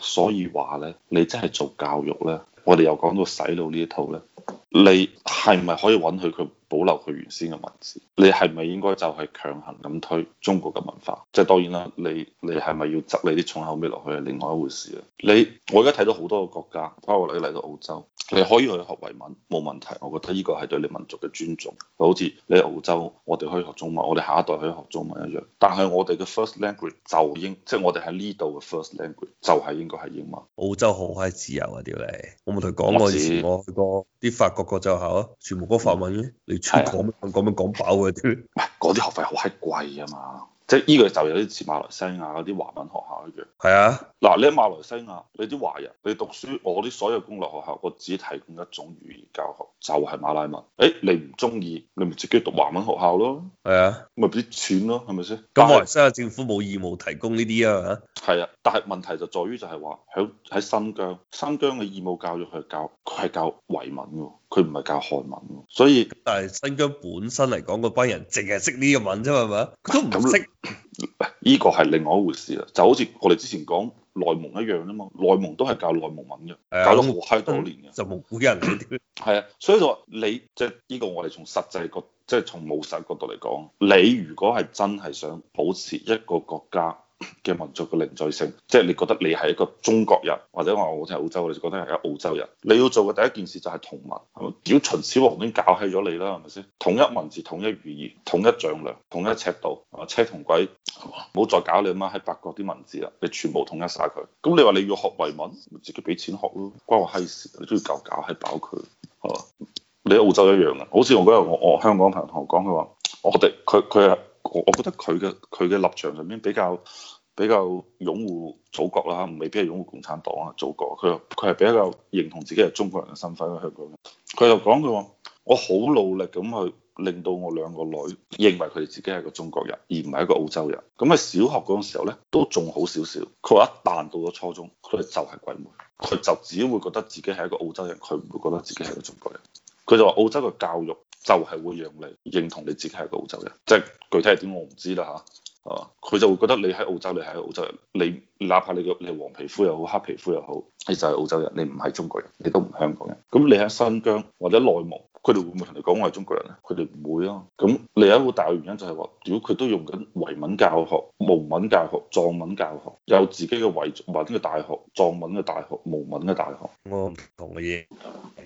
所以話呢，你真係做教育呢，我哋又講到洗腦呢一套呢。你係咪可以允許佢保留佢原先嘅文字？你係咪應該就係強行咁推中國嘅文化？即係當然啦，你你係咪要執你啲重口味落去係另外一回事啊？你我而家睇到好多個國家，包括你嚟到澳洲。你可以去學維文，冇問題，我覺得呢個係對你民族嘅尊重。好似你喺澳洲，我哋可以學中文，我哋下一代可以學中文一樣。但係我哋嘅 first language 就英，即、就、係、係、我哋喺呢度嘅 first language 就係應該係英文。澳洲好閪自由啊屌你！我咪同你講過，我像我以前我去過啲法國國際學校啊，全部講法文、啊、你全講咩講咩講飽嘅，嗰啲學費好閪貴啊嘛。即係依個就有啲似馬來西亞嗰啲華文學校一樣。係啊，嗱你喺馬來西亞，你啲華人，你讀書，我啲所有公立學校，我只提供一種語言教學，就係馬拉文。誒，你唔中意，你咪自己讀華文學校咯。係啊，咪俾錢咯，係咪先？咁馬來西亞政府冇義務提供呢啲啊？係啊，但係問題就在於就係話，響喺新疆，新疆嘅義務教育係教，係教維文㗎。佢唔係教漢文，所以但係新疆本身嚟講，嗰班人淨係識呢個文啫嘛，係咪？佢都唔識。呢個係另外一回事啦，就好似我哋之前講內蒙一樣啦嘛，內蒙都係教內蒙文嘅，的教咗好閪多年嘅。就蒙古人係啊， 所以就話你即係依個，我哋從實際角，即係從務實角度嚟、就是、講，你如果係真係想保持一個國家。嘅民族嘅凝聚性，即係你覺得你係一個中國人，或者話我哋似係澳洲，你覺得係一個澳洲人。你要做嘅第一件事就係同文，如果秦始皇已經搞起咗你啦，係咪先？統一文字、統一語言、統一丈量、統一尺度，車同軌，唔好再搞你媽喺八國啲文字啦，你全部統一晒佢。咁你話你要學維文，自己俾錢學咯，關我閪事。你都要教搞，搞起，係飽佢你喺澳洲一樣啊，好似我嗰日我我、哦、香港朋友同我講，佢話我哋佢佢啊，我覺得佢嘅佢嘅立場上面比較。比較擁護祖國啦嚇，未必係擁護共產黨啊，祖國。佢佢係比較認同自己係中國人嘅身份喺香港。佢就講佢話：我好努力咁去令到我兩個女認為佢哋自己係個中國人，而唔係一個澳洲人。咁喺小學嗰陣時候呢，都仲好少少。佢話一旦到咗初中，佢就係鬼妹，佢就只會覺得自己係一個澳洲人，佢唔會覺得自己係一個中國人。佢就話澳洲嘅教育就係會讓你認同你自己係一個澳洲人，即係具體係點我唔知啦嚇。哦，佢就會覺得你喺澳洲，你係澳洲人。你哪怕你嘅你黃皮膚又好，黑皮膚又好，你就係澳洲人，你唔係中國人，你都唔係香港人。咁你喺新疆或者內蒙，佢哋會唔會同你講我係中國人咧？佢哋唔會咯、啊。咁另一個大原因就係話，如果佢都用緊維文教學、蒙文教學、藏文教學，有自己嘅維文嘅大學、藏文嘅大學、蒙文嘅大學，我唔同嘅嘢。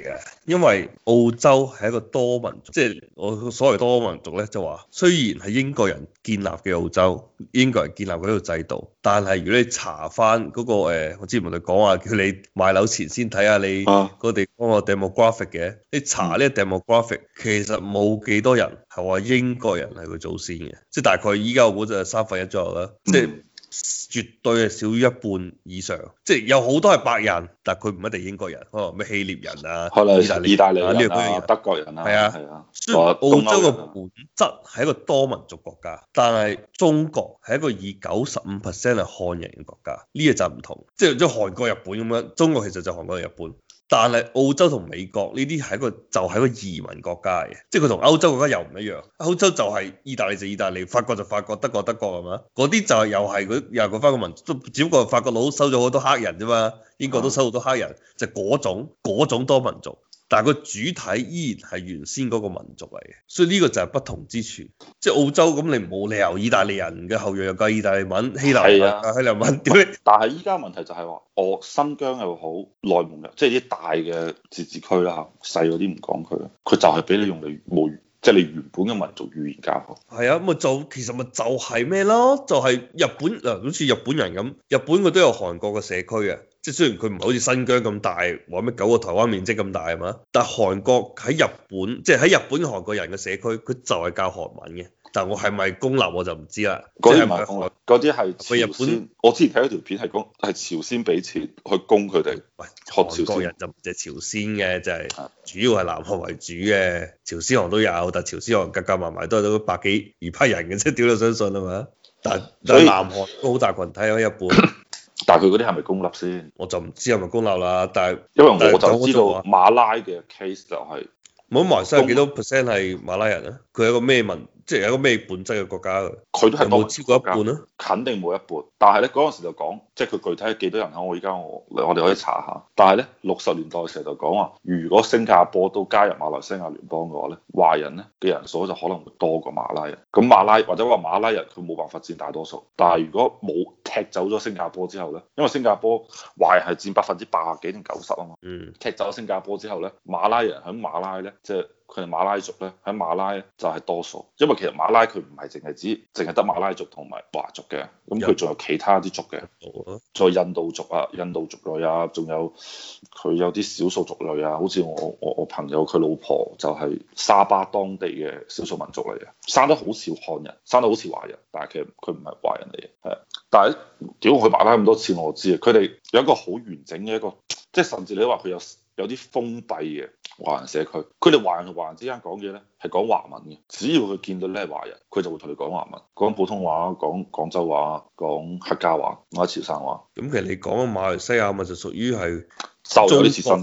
嘅，因為澳洲係一個多民族，即係我所謂多民族咧，就話雖然係英國人建立嘅澳洲，英國人建立佢呢個制度，但係如果你查翻嗰個我之前同你講話，叫你買樓前先睇下你個地方個 demographic 嘅，你查呢個 demographic、嗯、其實冇幾多人係話英國人係佢祖先嘅，即係大概依家我估就三分一左右啦，即係。嗯絕對係少於一半以上，即係有好多係白人，但係佢唔一定英國人，可能咩希臘人啊、可能意大利人、啊、意大利啊、德國人啊，係啊。雖然澳洲嘅本質係一個多民族國家，但係中國係一個以九十五 percent 係漢人嘅國家，呢個就唔同，即係即係韓國、日本咁樣，中國其實就韓國同日本。但係澳洲同美國呢啲係一個就係、是、一個移民國家嘅，即係佢同歐洲國家又唔一樣歐洲就係意大利就意大利，法國就法國，德國德國係嘛？嗰啲就是、又係佢又係佢法國民族，只不過法國佬收咗好多黑人啫嘛，英國都收好多黑人，嗯、就嗰種嗰種多民族。但係個主體依然係原先嗰個民族嚟嘅，所以呢個就係不同之處。即係澳洲咁，你冇理由意大利人嘅後裔又教意大利文、希臘文。係啊，希臘文點？但係依家問題就係話，我新疆又好內蒙又，即係啲大嘅自治區啦嚇，細嗰啲唔講佢，佢就係俾你用你母，即係你原本嘅民族語言教。係啊，咁咪就其實咪就係咩咯？就係日本嗱，好似日本人咁，日本佢都有韓國嘅社區啊。即係雖然佢唔係好似新疆咁大，話乜九個台灣面積咁大係嘛？但韓國喺日本，即係喺日本韓國人嘅社區，佢就係教韓文嘅。但我係咪公立我就唔知啦。嗰係咪公立？嗰啲係朝鮮。去日本我之前睇咗條片係講係朝鮮俾錢去供佢哋喂，韓國人就係朝鮮嘅，就係、是、主要係南韓為主嘅，朝鮮韓都有，但朝鮮韓夾夾埋埋都百百都百幾二批人嘅啫，屌你相信係嘛？但以但南韓都好大群睇喺日本。但佢嗰啲係咪公立先？我就唔知係咪公立啦。但係因為是我就知道馬拉嘅 case 就係馬來西亞幾多 percent 係馬拉人啊？佢係一個咩問？即係一個咩本質嘅國家，佢都係冇超過一半咯。肯定冇一半，但係咧嗰陣時就講，即係佢具體係幾多人口。我而家我我哋可以查下。但係咧六十年代嘅時候就講話，如果新加坡都加入馬來西亞聯邦嘅話咧，華人咧嘅人數就可能會多過馬拉人。咁馬拉或者話馬拉人佢冇辦法佔大多數。但係如果冇踢走咗新加坡之後咧，因為新加坡華人係佔百分之八十幾定九十啊嘛，嗯、踢走新加坡之後咧，馬拉人喺馬拉咧即係。佢哋馬拉族咧喺馬拉就係多數，因為其實馬拉佢唔係淨係指淨係得馬拉族同埋華族嘅，咁佢仲有其他啲族嘅，再印度族啊、印度族類啊，仲有佢有啲少數族類啊，好似我我我朋友佢老婆就係沙巴當地嘅少數民族嚟嘅，生得好少漢人，生得好似華人，但係其實佢唔係華人嚟嘅，係，但係屌佢爸啦咁多次，我知啊，佢哋有一個好完整嘅一個，即係甚至你話佢有。有啲封閉嘅華人社區，佢哋華人同華人之間講嘢咧係講華文嘅，只要佢見到你係華人，佢就會同你講華文，講普通話、講廣州話、講客家話、講潮汕話。咁其實你講嘅馬來西亞咪就屬於係中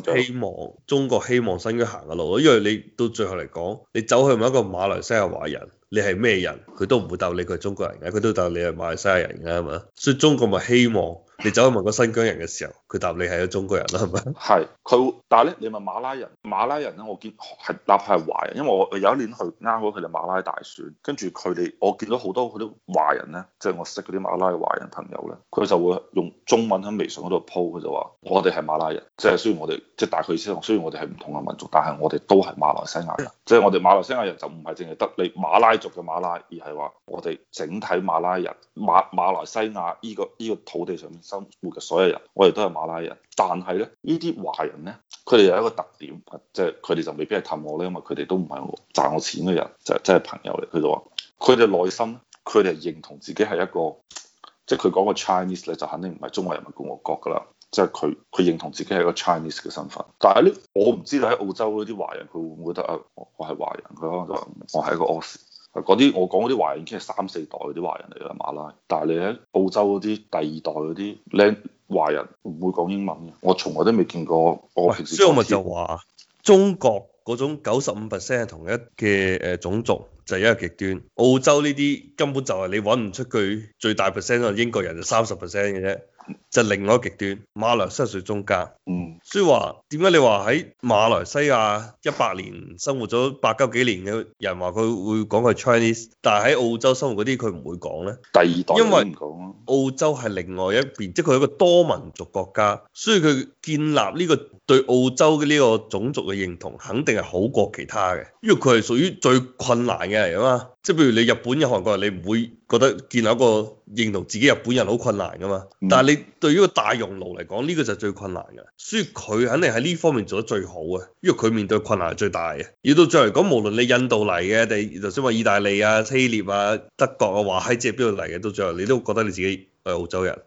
國希望，中國希望新疆行嘅路咯，因為你到最後嚟講，你走去問一個馬來西亞華人，你係咩人？佢都唔會當你佢係中國人嘅，佢都當你係馬來西亞人嘅係嘛，所以中國咪希望。你走去問個新疆人嘅時候，佢答你係一中國人啦，係咪？係，佢但係咧，你問馬拉人，馬拉人咧，我見係哪怕係華人，因為我有一年去啱好佢哋馬拉大選，跟住佢哋我見到好多嗰啲華人咧，即係我識嗰啲馬拉華人朋友咧，佢就會用中文喺微信嗰度 po，佢就話，我哋係馬拉人，即係雖然我哋即係大概意思同雖然我哋係唔同嘅民族，但係我哋都係馬來西亞人，即係我哋馬來西亞人就唔係淨係得你馬拉族嘅馬拉，而係話我哋整體馬拉人馬馬來西亞依個依個土地上面。生活嘅所有人，我哋都係馬拉人。但係咧，呢啲華人咧，佢哋有一個特點，即係佢哋就未必係氹我咧，因為佢哋都唔係賺我錢嘅人，就真係朋友嚟。佢就話：佢哋內心，佢哋係認同自己係一個，即係佢講個 Chinese 咧，就肯定唔係中華人民共和國㗎啦。即係佢，佢認同自己係一個 Chinese 嘅身份。但係呢，我唔知道喺澳洲嗰啲華人，佢會唔會覺得啊，我係華人？佢可能就話我係一個嗰啲我講嗰啲華人已經係三四代嗰啲華人嚟啦，馬拉。但係你喺澳洲嗰啲第二代嗰啲靚華人唔會講英文嘅，我從來都未見過我平時。所以我咪就話中國嗰種九十五 percent 係同一嘅誒種族，就係一個極端。澳洲呢啲根本就係你揾唔出佢最大 percent 係英國人就三十 percent 嘅啫。就另外一個極端，馬來西亞係最中間，嗯，所以話點解你話喺馬來西亞一百年生活咗八九幾年嘅人話佢會講佢係 Chinese，但係喺澳洲生活嗰啲佢唔會講呢。第二代因為澳洲係另外一邊，即係佢一個多民族國家，所以佢建立呢個對澳洲嘅呢個種族嘅認同，肯定係好過其他嘅，因為佢係屬於最困難嘅嚟㗎嘛。即係譬如你日本嘅韓國人，你唔會覺得建立一個認同自己日本人好困難噶嘛？嗯、但係你對於個大熔爐嚟講，呢、呢個就係最困難嘅，所以佢肯定喺呢方面做得最好啊！因為佢面對困難係最大嘅。要到最後嚟講，無論你印度嚟嘅，你就算話意大利啊、希臘啊、德國啊、華嗨子係邊度嚟嘅，到最後你都覺得你自己係澳洲人。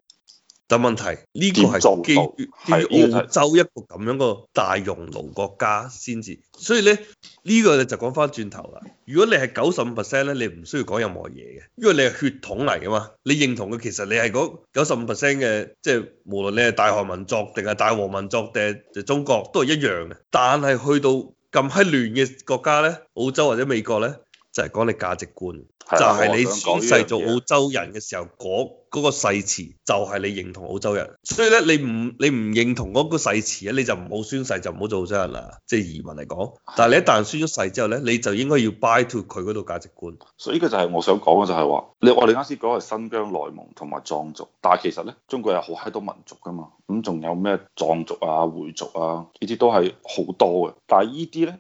但問題呢個係基於喺澳洲一個咁樣個大熔爐國家先至，是所以咧呢、呢個咧就講翻轉頭啦。如果你係九十五 percent 咧，你唔需要講任何嘢嘅，因為你係血統嚟噶嘛，你認同嘅其實你係九十五 percent 嘅，即係、就是、無論你係大韓民族定係大和民族定係中國都係一樣嘅。但係去到咁閪亂嘅國家咧，澳洲或者美國咧，就係、是、講你價值觀，的就係你宣誓做澳洲人嘅時候講。嗰個誓詞就係你認同澳洲人，所以咧你唔你唔認同嗰個誓詞咧，你就唔好宣誓，就唔好做澳洲人啦。即係移民嚟講，但係你一旦宣咗誓之後咧，你就應該要 buy to 佢嗰度價值觀。所以依個就係我想講嘅就係話，你我哋啱先講係新疆、內蒙同埋藏族，但係其實咧中國有好閪多民族噶嘛，咁仲有咩藏族啊、回族啊，呢啲都係好多嘅。但係呢啲咧，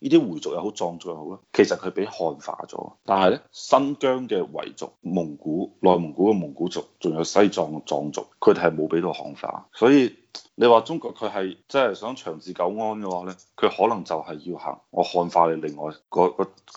呢啲回族又好、藏族又好啦。其實佢俾漢化咗。但係咧，新疆嘅維族、蒙古、內蒙古嘅蒙古。仲有西藏藏族，佢哋係冇俾到漢化，所以。你話中國佢係真係想長治久安嘅話呢，佢可能就係要行我漢化你另外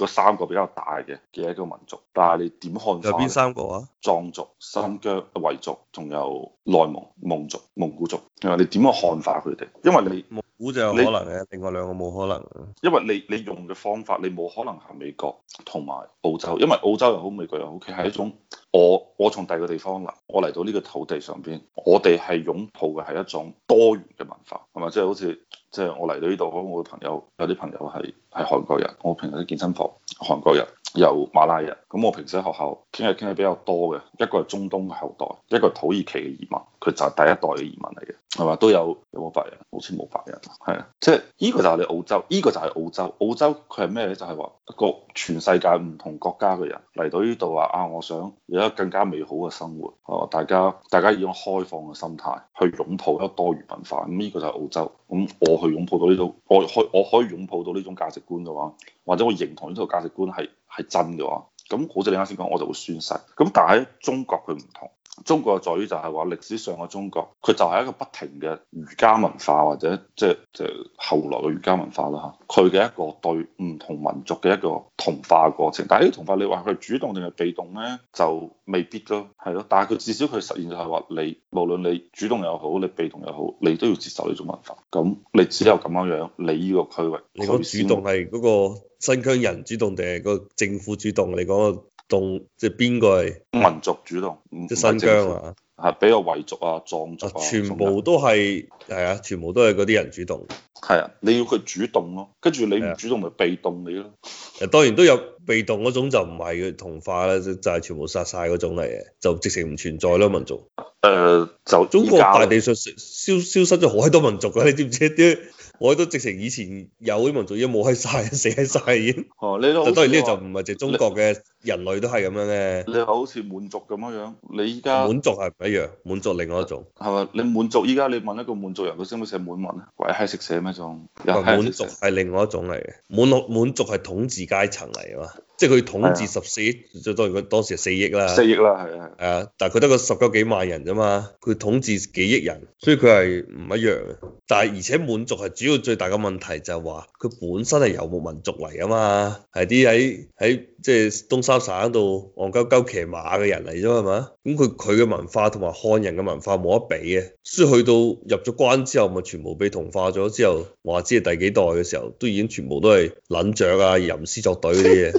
三個比較大嘅嘅一個民族，但係你點漢化？有邊三個啊？藏族、新疆啊、維族，仲有內蒙蒙族、蒙古族。古族你話你點去漢化佢哋？因為你蒙古就有可能、啊、你另外兩個冇可能、啊。因為你你用嘅方法，你冇可能行美國同埋澳洲，因為澳洲又好、美國又好，佢係一種我我從第二個地方嚟，我嚟到呢個土地上邊，我哋係擁抱嘅係一種。多元嘅文化，係咪即係好似？即係我嚟到呢度，我個朋友有啲朋友係係韓國人，我平時喺健身房，韓國人有馬拉人。咁我平時喺學校傾係傾係比較多嘅，一個係中東嘅後代，一個土耳其嘅移民，佢就係第一代嘅移民嚟嘅，係嘛，都有，有冇白人？好似冇白人，係啊，即係呢個就係澳洲，呢、呢個就係澳洲。澳洲佢係咩咧？就係、係、話一個全世界唔同國家嘅人嚟到呢度話啊，我想有一個更加美好嘅生活。哦，大家大家以一種開放嘅心態去擁抱一個多元文化，咁呢個就係澳洲。咁我。去擁抱到呢套，我可我可以擁抱到呢種價值觀嘅話，或者我認同呢套價值觀係係真嘅話，咁好似你啱先講，我就會宣誓。咁但係喺中國，佢唔同。中國嘅在於就係話歷史上嘅中國，佢就係一個不停嘅儒家文化或者即係即係後來嘅儒家文化咯嚇。佢嘅一個對唔同民族嘅一個同化過程。但係呢個同化，你話佢主動定係被動咧，就未必咯，係咯。但係佢至少佢實現就係話，你無論你主動又好，你被動又好，你都要接受呢種文化。咁你只有咁樣樣，你呢個區域。你講主動係嗰個新疆人主動定係個政府主動？嚟講？動即係邊個係民族主動，即係新疆啊，係比較維族啊、藏族啊，全部都係係啊，啊全部都係嗰啲人主動。係啊，你要佢主動咯，啊，跟住你唔主動咪被動你咯。誒、啊，當然都有被動嗰種就，就唔係嘅同化咧，就係全部殺晒嗰種嚟嘅，就直情唔存在咯，民族。誒、呃，就中國大地上消消失咗好多民族噶，啊，你知唔知啲？ 我覺得直情以前有啲民族已經冇喺晒，死喺晒。已經。哦，你都當然呢就唔係淨中國嘅人類都係咁樣咧。你好似滿族咁樣樣，你依家滿族係唔一樣，滿族另外一種。係嘛？你滿族依家你問一個滿族人，佢先會寫滿文啊？鬼閪識寫咩種？滿族係另外一種嚟嘅，滿滿族係統治階層嚟㗎嘛，即係佢統治十四億，即係當然佢當時係四億啦。四億啦，係啊。係啊，但係佢得個十幾萬人啫嘛，佢統治幾億人，所以佢係唔一樣。但係而且滿族係主要。最最大嘅問題就係話佢本身係遊牧民族嚟啊嘛，係啲喺喺即係東三省度戇鳩鳩騎馬嘅人嚟啫嘛，咁佢佢嘅文化同埋漢人嘅文化冇得比嘅，所以去到入咗關之後，咪全部被同化咗之後，話知係第幾代嘅時候，都已經全部都係撚雀啊、吟詩作對嗰啲嘢，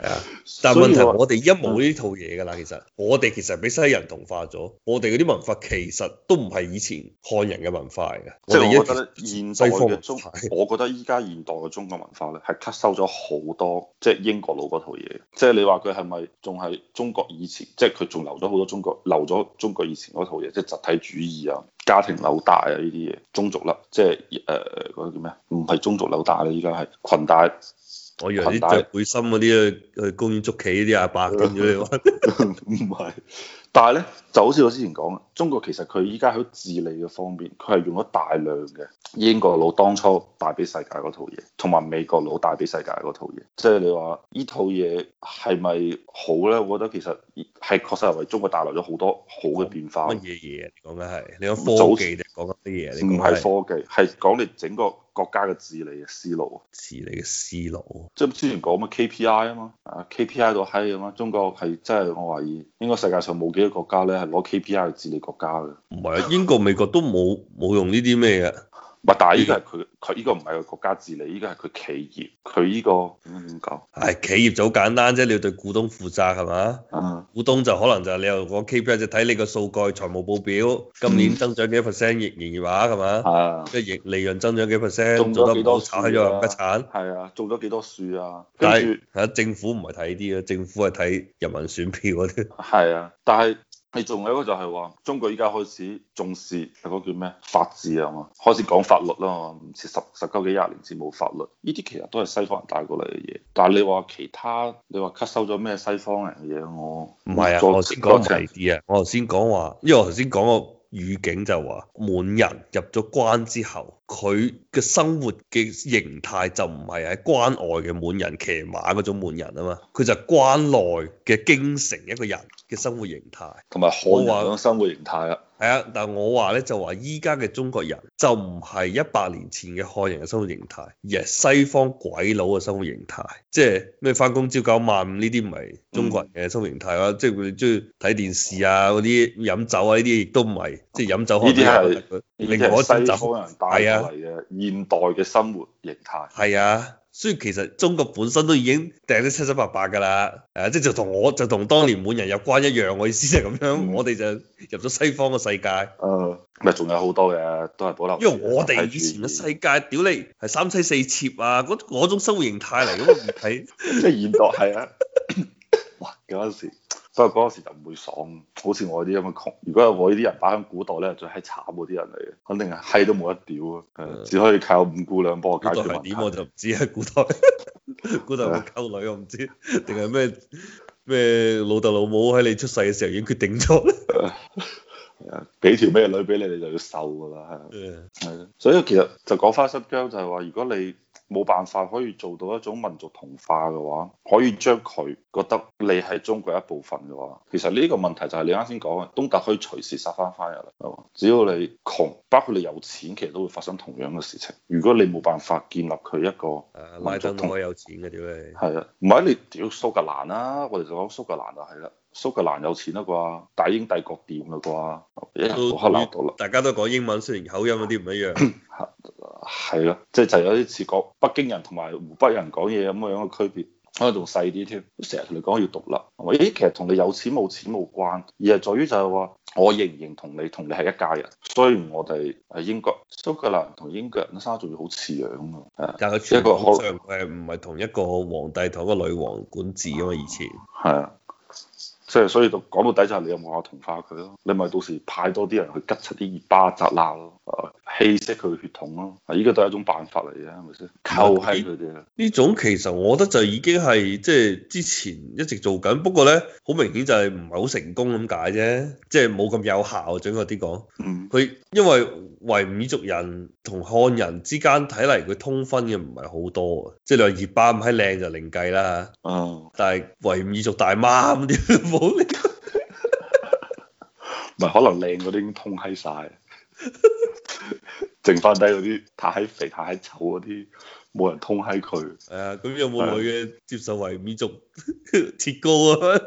係啊。但係問題，我哋而家冇呢套嘢噶啦。其實我哋其實俾西人同化咗，我哋嗰啲文化其實都唔係以前漢人嘅文化嚟嘅。即係是 我，我覺得現代嘅中，我覺得依家現代嘅中國文化咧，係吸收咗好多即係、就是、英國佬嗰套嘢。即、就、係、是、你話佢係咪仲係中國以前，即係佢仲留咗好多中國留咗中國以前嗰套嘢，即係集體主義啊、家庭紐帶啊呢啲嘢、宗族啦，即係誒嗰啲叫咩？唔係宗族紐帶啦，依家係裙帶。我以為啲大背心嗰啲去去公園捉棋啲阿伯咁樣，唔係，但係咧就好似我之前講啊，中國其實佢依家喺治理嘅方面，佢係用咗大量嘅英國佬當初帶俾世界嗰套嘢，同埋美國佬帶俾世界嗰套嘢，即係你話呢套嘢係咪好咧？我覺得其實係確實係為中國帶來咗好多好嘅變化。乜嘢嘢？你講咩係？你講科技定講緊啲嘢？你唔係早科技，係講你整個。國家嘅治理嘅思路，治理嘅思路，即係之前講乜 KPI 啊嘛，啊 KPI 到閪咁啊，中國係真係我懷疑，應該世界上冇幾多國家咧係攞 KPI 去治理國家嘅，唔係啊，英國、美國都冇冇用呢啲咩嘅。喂，但係依個係佢，佢依個唔係個國家治理，依個係佢企業，佢依、依個點講？係企業就好簡單啫，你要對股東負責係嘛？嗯、股東就可能就係你又講 KPI，就睇你個數據、財務報表，今年增長幾多 percent 業營業額係嘛？係。即係業利潤增長幾 percent，嗯嗯、做得幾多產？係啊，種咗幾多樹啊？但係嚇政府唔係睇啲啊，政府係睇人民選票嗰啲、嗯。係啊，但係。你仲有一個就係話，中國而家開始重視嗰、嗰個叫咩？法治啊嘛，開始講法律啦嘛，唔似十十,十十幾、廿年前冇法律。呢啲其實都係西方人帶過嚟嘅嘢。但係你話其他，你話吸收咗咩西方人嘅嘢？我唔係啊，我頭先講第啲啊，我頭先講話，因為我頭先講個語境就話滿人入咗關之後，佢嘅生活嘅形態就唔係喺關外嘅滿人騎馬嗰種滿人啊嘛，佢就係關內嘅京城一個人嘅生活形態，同埋漢人嘅生活形態啦。係啊，但我話咧就話依家嘅中國人就唔係一百年前嘅漢人嘅生活形態，而係西方鬼佬嘅生活形態，即係咩翻工，朝九晚五呢啲唔係中國人嘅生活形態啦，嗯、即係佢哋中意睇電視啊嗰啲飲酒啊呢啲亦都唔係，嗯、即係飲酒可能係，而且係西方人帶嚟嘅現代嘅生活形態。係啊。所以其實中國本身都已經訂得七七八八噶啦、啊，誒、就是，即係就同我就同當年滿人入關一樣，我意思就係咁樣，嗯、我哋就入咗西方嘅世界。誒、哦，咪仲有好多嘅，都係保留。因為我哋以前嘅世界，屌你係三妻四妾啊，嗰種生活形態嚟，我都唔睇。即係現代係啊！哇，嗰陣時。不過嗰時就唔會爽，好似我啲咁嘅窮。如果我呢啲人擺喺古代咧，最閪慘嗰啲人嚟嘅，肯定係閪都冇得屌啊！的只可以靠五姑娘幫我解決問題。古代係點我就唔知，喺古代古代，冇溝女，我唔知定係咩咩老豆老母喺你出世嘅時候已經決定咗。係啊，俾條咩女俾你，你就要受噶啦，係係咯。所以其實就講返新疆，就係話如果你。冇辦法可以做到一種民族同化嘅話，可以將佢覺得你係中國一部分嘅話，其實呢個問題就係你啱先講嘅，東突可以隨時殺翻返入嚟，只要你窮，包括你有錢，其實都會發生同樣嘅事情。如果你冇辦法建立佢一個民族同，我、啊、有，有錢嘅屌你係啊，唔係你屌蘇格蘭啦、啊，我哋就講蘇格蘭就係啦。蘇格蘭有錢啊啩，大英帝國掂啊啩，都獨立，大家都講英文，雖然口音有啲唔一樣 。係咯，即係就有啲似個北京人同埋湖北人講嘢咁樣嘅區別，可能仲細啲添。成日同你講要獨立，係其實同你有錢冇錢冇關，而係在於就係話我認唔認同你，同你係一家人。雖然我哋係英國，蘇格蘭同英國人生仲要好似樣啊，一個好，誒唔係同一個皇帝同一個女王管治啊嘛，以前係啊。即係，所以到講到底就係你有冇話同化佢咯？你咪到時派多啲人去吉出啲熱巴扎鬧咯。氣息佢血統咯，啊，呢個都係一種辦法嚟嘅，係咪先？靠喺佢哋，呢種其實我覺得就已經係即係之前一直做緊，不過咧好明顯就係唔係好成功咁解啫，即係冇咁有效，準確啲講。嗯。佢因為維吾爾族人同漢人之間睇嚟佢通婚嘅唔係好多，即係兩熱巴唔係靚就另計啦。哦。但係維吾爾族大媽咁啲冇。唔 係，可能靚嗰啲已經通閪晒。 剩翻底嗰啲太肥太醜嗰啲，冇人通喺佢。係咁、啊、有冇女嘅接受維吾族切糕啊？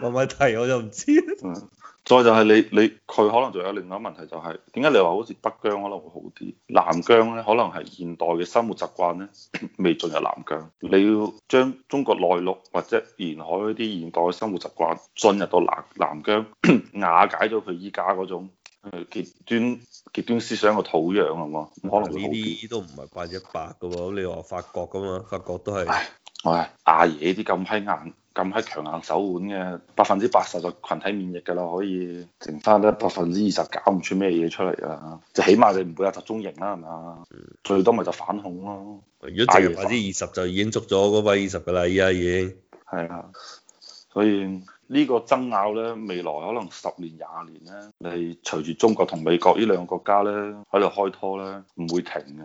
問問題我又唔知、嗯。再就係你你佢可能仲有另外一個問題、就是，就係點解你話好似北疆可能會好啲，南疆咧可能係現代嘅生活習慣咧未進入南疆，你要將中國內陸或者沿海嗰啲現代嘅生活習慣進入到南南疆，瓦解咗佢依家嗰種。極端極端思想嘅土壤係嘛，可能呢啲都唔係八一八噶喎。你話法國咁嘛？法國都係，唉，唉，阿爺啲咁閪硬、咁閪強硬手腕嘅，百分之八十就群體免疫噶啦，可以剩翻得百分之二十搞唔出咩嘢出嚟啊。即係起碼你唔會有集中營啦，係嘛？係啊，最多咪就反恐咯。如果剩百分之二十，就已經捉咗嗰百分之十噶啦，依家已經。係啊，所以。呢個爭拗咧，未來可能十年廿年咧，你隨住中國同美國呢兩個國家咧，喺度開拖咧，唔會停嘅。